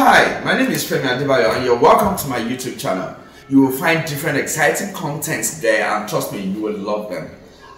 Hi, my name is Femi Adebayo and you're welcome to my YouTube channel. You will find different exciting contents there and trust me, you will love them.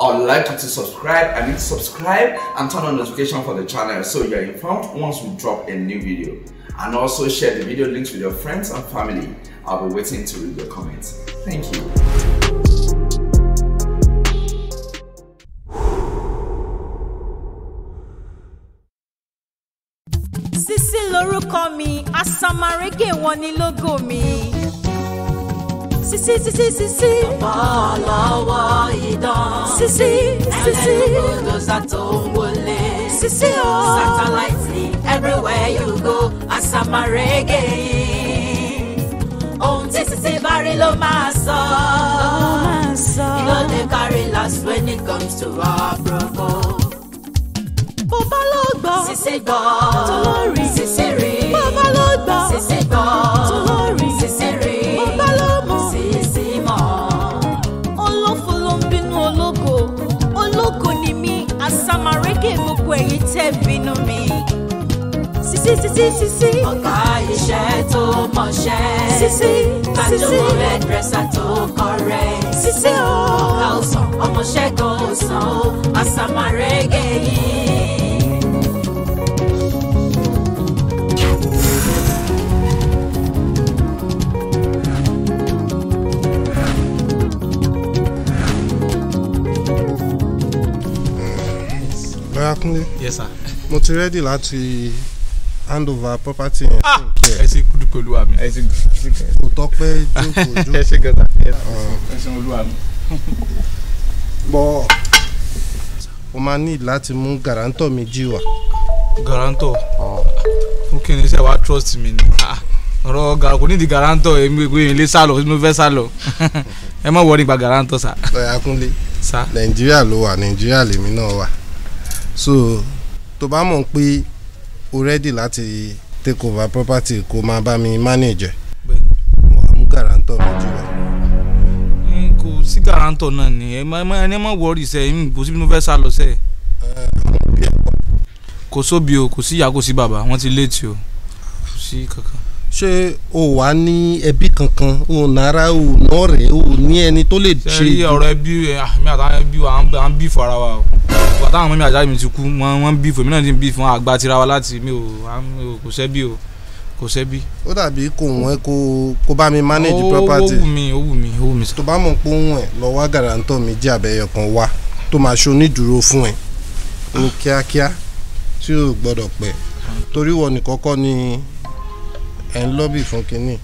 I would like you to subscribe, I mean subscribe and turn on notification for the channel so you're informed once we drop a new video. And also share the video links with your friends and family. I'll be waiting to read your comments. Thank you. àsàmàrékè wọn ni lógo mi. Sisi sisi sisi. Ọba ọlọ́wọ́ idán. Sisi sisi. Ẹlẹ́gbọ̀dọ̀sà tó ń wọlé. Sisi o. Satellite ni everywhere you go, àsàmàrékè yìí. Ohun tí sisi bá rí ló máa sọ. Ló máa sọ. You no last when it comes to our bravo. Bó bá gbọ́. Sisi gbọ́. Tó sísísísísí. ọ̀gá iṣẹ́ tó mọṣẹ́. sísí gbajúmọ̀ red dresser tó kọrẹ. sísí o. ọ̀gá ọ̀sán ọmọṣẹ́ kan ọ̀sán o àṣàmàrègè yìí. Bọ́lá Kúnlé. Yes sir. Mo ti rẹ́dì láti hand over property yẹn fún ah! kí ẹ. ẹ ṣe dúpẹ́ ah. olúwa mi. ẹ ṣe dúpẹ́. kò tọ́pẹ́ jókòó jókòó. ẹ ṣe gàdá ẹ ṣe olúwa mi. bọ́ o máa ní láti mú garanto méjì wá. garanto ah. fún kí ni sẹ́ wàá trust mi ni ọ̀rọ̀ kò ní di garanto èmi gbé ilé sálọ inú fẹ́ sálọ ẹ má wọrí gba garanto sa. lọ́yà kúnlé nàìjíríà ló wà nàìjíríà lèmi náà wà so tó bá mọ̀ pé o ready láti take over property kó máa bá mi manager. ẹ̀ àmú guarantor mi jù wá kò sí guarantor náà ni ẹ ní mọ̀ wọ́ọ̀rì sẹ́ ẹ̀ kò síbi tó fẹ́ sá lọ sẹ́ ẹ̀. kò sóbi o kò sí ìyá kò sí bàbá wọ́n ti léètì o kò sí kankan ṣé o wà ní ẹbí kankan o nara o nọrẹ o ní ẹni tó lè ṣe. ṣe ọ̀rọ̀ ẹbí ah, mi àtàwọn ẹbí wa à ń bí fún ara wa o bàtà àwọn mẹ́mi àjáde mi ti kú wọ́n ń bí fún mi náà ti ń bí fún àgbà tira wa láti mi ò kò sẹ́bí o kò sẹ́bí. ó dàbí kò wọ́n kó kó bá mi manage property. ó wù mí ó wù mí ó wù mí. tó bá mọ̀ pé òun ẹ̀ lọ wá gàràǹtọ̀ mi jẹ́ àbẹ̀yẹ̀ kan wá tó máa ṣe onídùúró fún ẹ̀ ní kíákíá tí ò gbọ́dọ̀ pẹ́ torí wọ́n nìkọ́kọ́ ni ẹ̀ ń lọ́bì fún kínní.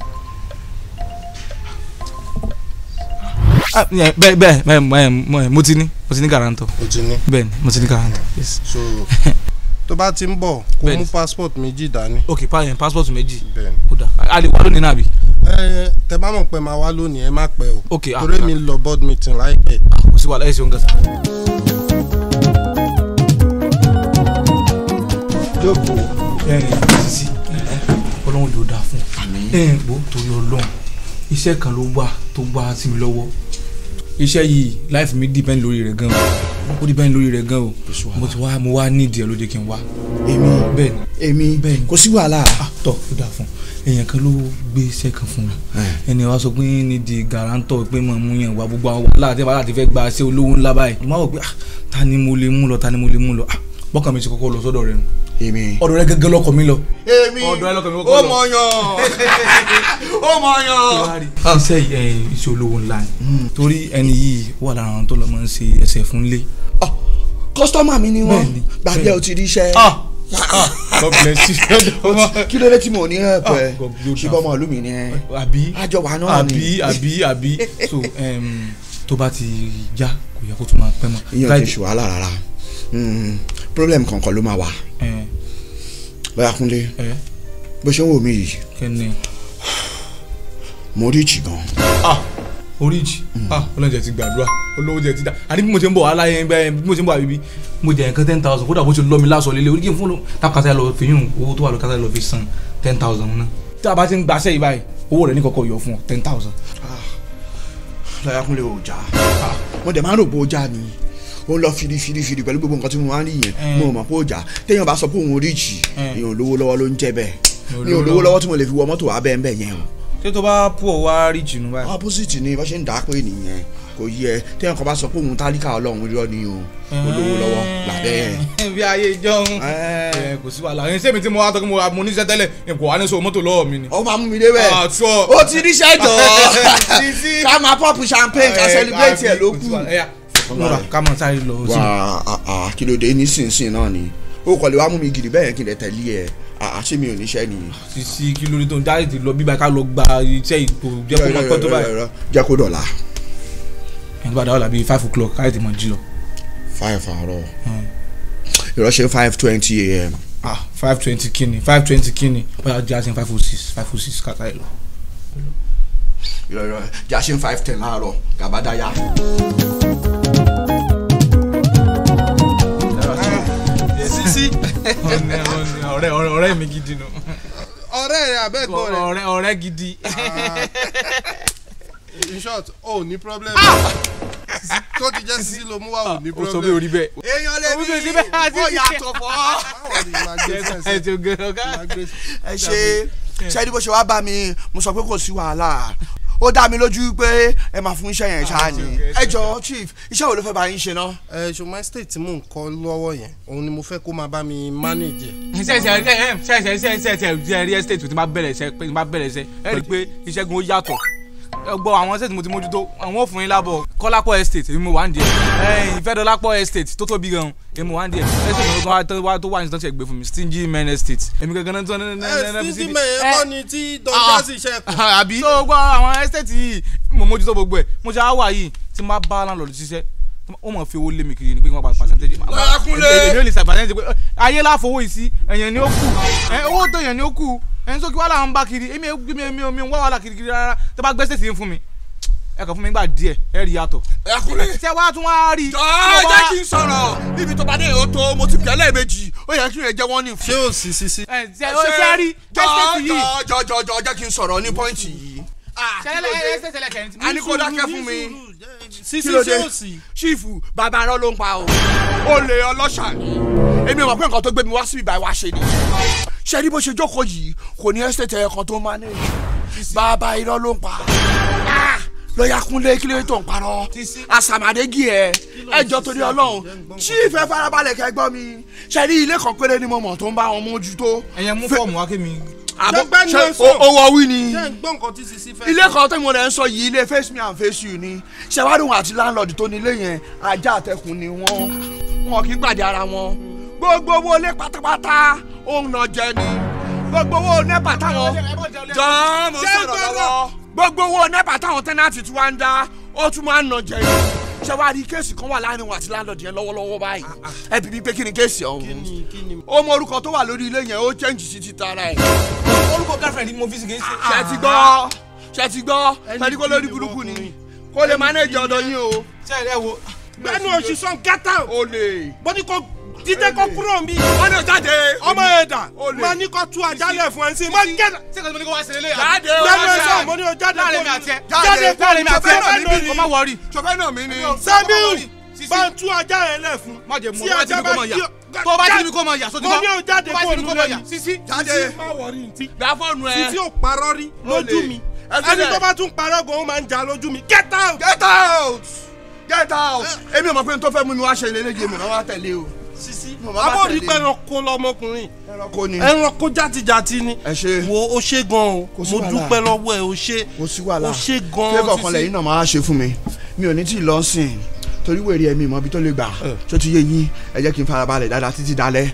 bẹ́ẹ̀ bẹ́ẹ̀ mo ti ní mo ti ní garanto. o ti ní. bẹ́ẹ̀ ni mo ti ní garanto. so tó bá ti ń bọ̀ kó mú passport méjì dání. ok passport méjì kó dà á lè wá lónìí náà bí. ẹ tẹ bá mọ̀ pé máa wá lónìí ẹ má pẹ́ o. ok ah torí mi lọ board meeting láìpẹ́. kò sí wàhálà ẹ ṣeun gàtà. jókòó. bẹ́ẹ̀ ni sisi ọlọ́run yóò dáa fún ẹ ẹ bó torí ọlọ́run iṣẹ́ kan ló wà tó gbá sí mi lọ́wọ́ iṣẹ́ yìí life mi depend lórí rẹ̀ gan o depend lórí rẹ̀ gan o mo ti wá mo wá need ẹ lóde kí n wá. èmi bẹ́ẹ̀ni èmi bẹ́ẹ̀ni kò sí wàhálà. Ah, tọ ó dáa fún èèyàn kan ló gbé iṣẹ́ kan fún mi ẹni wàá sọ pé ní di garanto pé mo mú yẹn wá gbogbo àwọn wàhálà àti wàhálà ti fẹ́ gba iṣẹ́ olówó ńlá báyìí mo máa wò pé ah, ta ni mo lè mú lọ ta ni mo lè mú lọ ah, bọ́kàn mi ti kọ́kọ́ lọ sọ́dọ̀ rẹ̀ èmi. ọ̀dọ̀ rẹ gẹ́gẹ́ lọkọ mi lọ. èmi ó mọ yan ó mọ yan. iṣẹ́ iṣẹ́ olówó ńlá ni hmm. torí ẹni yìí wà lára àwọn tó lọ máa ń ṣe ẹsẹ̀ fún lé. kọ́sítọ́mà ah, mi ni wọ́n gbàgbé o ti rí iṣẹ́. Ah, ah, God bless you. kí ló dé tí mo ní ẹ pẹ ṣùgbọ́n ọmọ ìlú mi ni ẹ àjọ wa náà ni. àbí àbí àbí tó bá ti já kò yẹ kó tún máa pẹ́ mọ́. ìyẹn ò ti ṣùwàlà rárá. Hmm problem kankan ló máa wà báyà kúnlé bó ṣe ń wò mí yìí mo rí ìjì gan. Ah, oríjì mm. ah, ọlọ́jẹ̀ ti gbàdúrà olówó jẹ ti dá àní bí mo ṣe ń bọ̀ aláyẹ ẹgbẹ́ ẹ bí mo ṣe ń bọ̀ àbíbí mo jẹ nǹkan ten thousand kódà bó ṣe lọ́ mi lásọ lélẹ̀ oníkì fún tápàkàtà lọ fi yún owó tó wà lọ kàtà lọ fi san ten thousand náà tí a bá ti ń gbaṣẹ́ yìí báyìí owó rẹ̀ ní kọ́kọ́ yọ fún ọ ten thousand. Ah, láyà ò já mo dẹ̀ máa ń rò bó já ni ó lọ firi firi firi pẹ̀lú gbogbo nǹkan tí mo máa ń rí yẹn eh. mo mọ̀ pé ó jà téèyàn bá sọ pé òun ríjì eh. èèyàn lówó lọ́wọ́ ló ń jẹ́ bẹ́ẹ̀ mi ò lówó lọ́wọ́ tí mo lè fi wọ mọ́tò wá bẹ́ẹ̀ bẹ́ẹ̀ yẹn o. tí tó bá pù ọ wá ríjì nù báyìí. opposite ni bá ṣe ń dà á pé nìyẹn kò yẹ téèyàn kan bá sọ pé òun tálíkà ọlọ́run irọ́ ni o olówó eh. lọ́wọ́ làbẹ́. bí ayé ìjọhún kò sí wàhálà ẹ sẹ́mi tí mo wá tọ́ kí mo mo níṣẹ́ tẹ́lẹ̀ ẹ kò wá ní so mọ́tò lọ́wọ́ mi ni. ó máa mú mi débẹ̀ ah, ó ti ríṣẹ́ jọ̀ọ́ ká máa pọ́pù champagne ká celebrate ẹ̀ ló kù múra ká mọ̀ sáré lọ sí. wà á kí ló dé nísinsìnyí náà ni ó kọ̀ lè wá mú mi gidi bẹ́ẹ̀ kí n lè tẹ̀lé ẹ àṣé mi ò níṣẹ́ nìyí. sisi kí lórí tó ń jáde ti lọ bíbá ká lọ gba iṣẹ́ ìpò jẹ́ kó máa pẹ́ tó báyìí. jẹ́ kó dọ̀la. ẹni bá dáwọ́lá bíi five o'clock káyọ̀tì mọ̀ jí lọ. five àárọ̀ ìrọ̀ṣẹ́ five twenty a.m. ah five twenty kini. five twenty kini. bóyá jẹ́ àṣẹ five o six five o six kàtà ẹ̀ lọ. ìrọ̀rọ̀ jẹ́ àṣẹ five ten láàárọ̀ gàbádáyà. ọ̀rẹ́ ọ̀rẹ́ mi gidi nù. ọ̀rẹ́ rẹ abẹ́gbọ́ rẹ. ọ̀rẹ́ ọ̀rẹ́ gidi. Ah. in short o oh, ní problem. Ah! tó ti jẹ́ sisi ló mú wa ò ní problem. Ah, o sọ pé orí bẹ́ẹ̀. èèyàn lè ní bó yàtọ̀ fọ́. ẹ ti gẹ̀rọ ká. ẹ ṣe ṣe ẹni bó ṣe wá bá mi mo sọ pé kò sí wàhálà ó dá mi lójú pé ẹ máa fún iṣẹ́ yẹn ah, ṣáà ni ẹ jọ chief iṣẹ́ wo ló fẹ́ bá yín ṣe ná. ẹ ṣùgbọ́n state tí mò ń kọ́ lọ́wọ́ yẹn òun ni mo fẹ́ kó máa bá mi manage. ṣẹ̀ṣẹ̀ ṣẹ̀ṣẹ̀ ṣẹ̀ṣẹ̀ ṣẹ̀ṣẹ̀ rí estate tí máa bẹ̀rẹ̀ ṣẹ́ pé máa bẹ̀rẹ̀ ṣẹ́ ẹ rí i pé iṣẹ́gun ó yàtọ̀ gbọ́ àwọn estate mo ti mójútó àwọn ò lábọ̀ kọ́lápọ̀ estate èmi mo wà ń díẹ̀ ẹ̀yìn ìfẹ́dọ́lápọ̀ estate tó tóbi gan èmi mo wà ń díẹ̀ estate mi kan wá tó wà ní sọ́ọ̀tì ẹ̀gbẹ́ fún mi stingy men estate èmi gangan náà tó ní ní ní stingy men ẹ̀ kọ́ ni tí dọ́jà ah, sì ṣe kù. àbí so gbọ́ àwọn estate yìí mo mójútó gbogbo ẹ̀ mo ṣe á wà yìí tí má bá láńlọ́ọ̀dù ṣiṣẹ́ ó mọ̀ fi owó lé mi kiri ni pé wọ́n pa percentage. lọ́yà kúnlẹ̀ èmi ò lè sa percentage pé ayé láfowó yìí sí ẹ̀yàn ni ó kù owó tó ẹ̀yàn ni ó kù ẹ̀yìn sókè wàhálà ń bá kiri èmi èmi èmi ń wá wàhálà kiri kiri rárá tó bá gbẹ́sẹ̀ sí fún mi ẹ kàn fún mi gbà díẹ̀ ẹ rí yàtọ̀. ẹ ṣé wàá tún wá rí. jọ jẹ́ kí n sọ̀rọ̀ níbi tó bá dé yóò mo ti bẹ̀ẹ́ lẹ́ẹ̀mejì ó yẹ kí n jẹ́ wọ́n ní. ṣé o sì sí sí. ẹ ṣe rí. jọ jọ yìí sẹ́lẹ̀ ah, ẹsẹ̀ sẹ́lẹ̀ kẹ̀rin. a ní kó dákẹ́ fún mi. sisi sọ́ọ̀sì. chief bàbá arán ló ń pa o. ó lè ọlọ́ṣà ni. èmi mọ̀ pé nǹkan tó gbé mi wá sí ibà wá ṣe ni. ṣe ni bó ṣe jókòó yìí kò ní ẹ́sítẹ̀tẹ̀ ẹ̀kan tó máa ní. bàbá irọ́ ló ń pa. Ah! lọ́ọ̀yà kúnlé kí tó ń parọ́. àsàmàdégì ẹ̀ ẹjọ́ torí ọlọ́run chief ẹ farabalẹ̀ kẹ́ gbọ́ mi. ṣe ni ilé kan péré ni mo mọ̀ tó ń bá wọn mójútó. ẹ̀yẹ mú fọ́ọ̀mù wá kí mi owó wí ni ilé kan tó ń wọlé ń sọ yìí ilé face me and face you ni ṣèwádìí àti láńlọ́ọ̀dù tó nílé yẹn ajá àtẹkùn ni wọ́n wọn kì í pàdé ara wọn gbogbo owó ilé pátápátá òun náà jẹ ni gbogbo owó nẹ́pà táwọn jọ́ọ́ mo sọ̀rọ̀ lọ́wọ́ gbogbo owó nẹ́pà táwọn tẹ́nàtì tí wọ́n ń dá ó tún máa ń nà jẹ ni ṣé wàá rí kéèsì kan wà láàrin wa àti láńlọ́ọ̀dù yẹn lọ́wọ́lọ́wọ́ báyìí ah, ah, ah. ẹ bìbí pé kí ni kéèsì ọ̀hún ó mọ orúkọ tó wà lórí ilé yẹn ó chẹ́ǹjì sí ti tara ẹ̀. orúkọ girlfriend ni mo fi sìnkè ṣe. ṣe ti gbọ́ ṣe ti gbọ́ pẹ̀lú kó lórí burúkú ni kó lè manage ọ̀dọ̀ yín o. sẹ́ẹ̀rẹ́ wo. bẹ́ẹ̀ni òṣìṣàn gẹ́tà o lè. bọ́ni kò dídé kó kúrò mi. wọ́n ní jáde. ọmọ ẹ̀dá máa ní kó tú àjálẹ̀ fún ẹ sí. máa gẹ́dà mo ní o jáde láàrin mi àti ẹ jáde láàrin mi àti ẹ bẹ́ẹ̀ lórí ọmọ wọrí. sọfẹ́ náà mi ni. Sàmíù bá ajá rẹ lẹ̀ fún. má jẹ mú má jẹ kó mọ yà tó bá ti ní mọ yà sójú mo ní o jáde kó nu lẹ́yìn Sisi Sisi má wọrí ntí. gbà fọ́ọ̀nù ẹ Sisi ò parọ́ rí lójú mi ẹni tó bá tún parọ́ gan ó máa ń jà lójú mi get out. get out get out èmi ò mọ̀ pé n tó fẹ́ mú mi wá ṣe ilé mi náà wá tẹ̀lé o sisi abóòdì pé ẹranko lọmọkùnrin ẹranko ni ẹranko játijàti ni wo o ṣe gan o mo dúpẹ́ lọ́wọ́ ẹ o ṣe o ṣe gan sisi. kẹ́kọ̀ọ́ kan lẹ́yìn náà máa ṣe fún mi mi ò ní tí ì lọ sìn torí wèrè ẹ̀mí ìmọ̀ ibi tó lè gbà tó ti yé yín ẹ jẹ́ kí n farabalẹ̀ dáadáa títí dalẹ̀.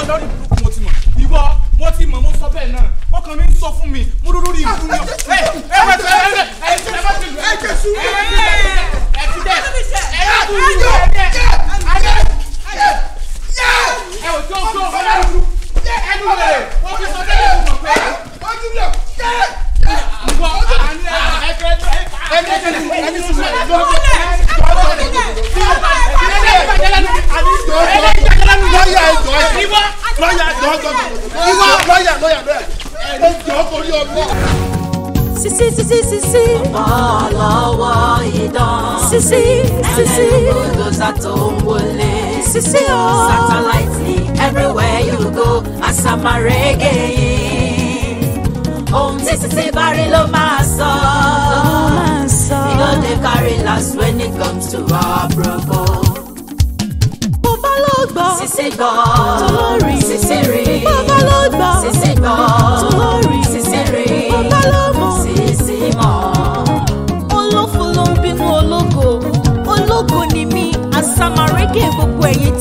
ọlọ́run mo ti mọ̀ ìwọ mo ti mọ̀ mo sọ bẹ́ẹ̀ náà ọkàn mi ń sọ fún mi mo dúró rí ìlú mi. ẹ ẹ ẹ ẹ ẹ ẹ ẹ ẹ ẹ ẹ ẹ ẹ ẹ ẹ ẹ ẹ ẹ wò tó tó ọlọ́run. sisi sisi sisi. ọ̀pọ̀ lọ́wọ́ idán. sisi sisi. ẹlẹ́gbẹ̀dọ́sà tó ń wọlé. sisi o. satellite ni everywhere you go asamarege yìí. ohun tí sisi bá ló máa sọ. ló máa we no dey carry last when it comes to our broko. mo bá lọ gbọ́. sisi gbọ́. tó lórí. sisi rí. 不怪你。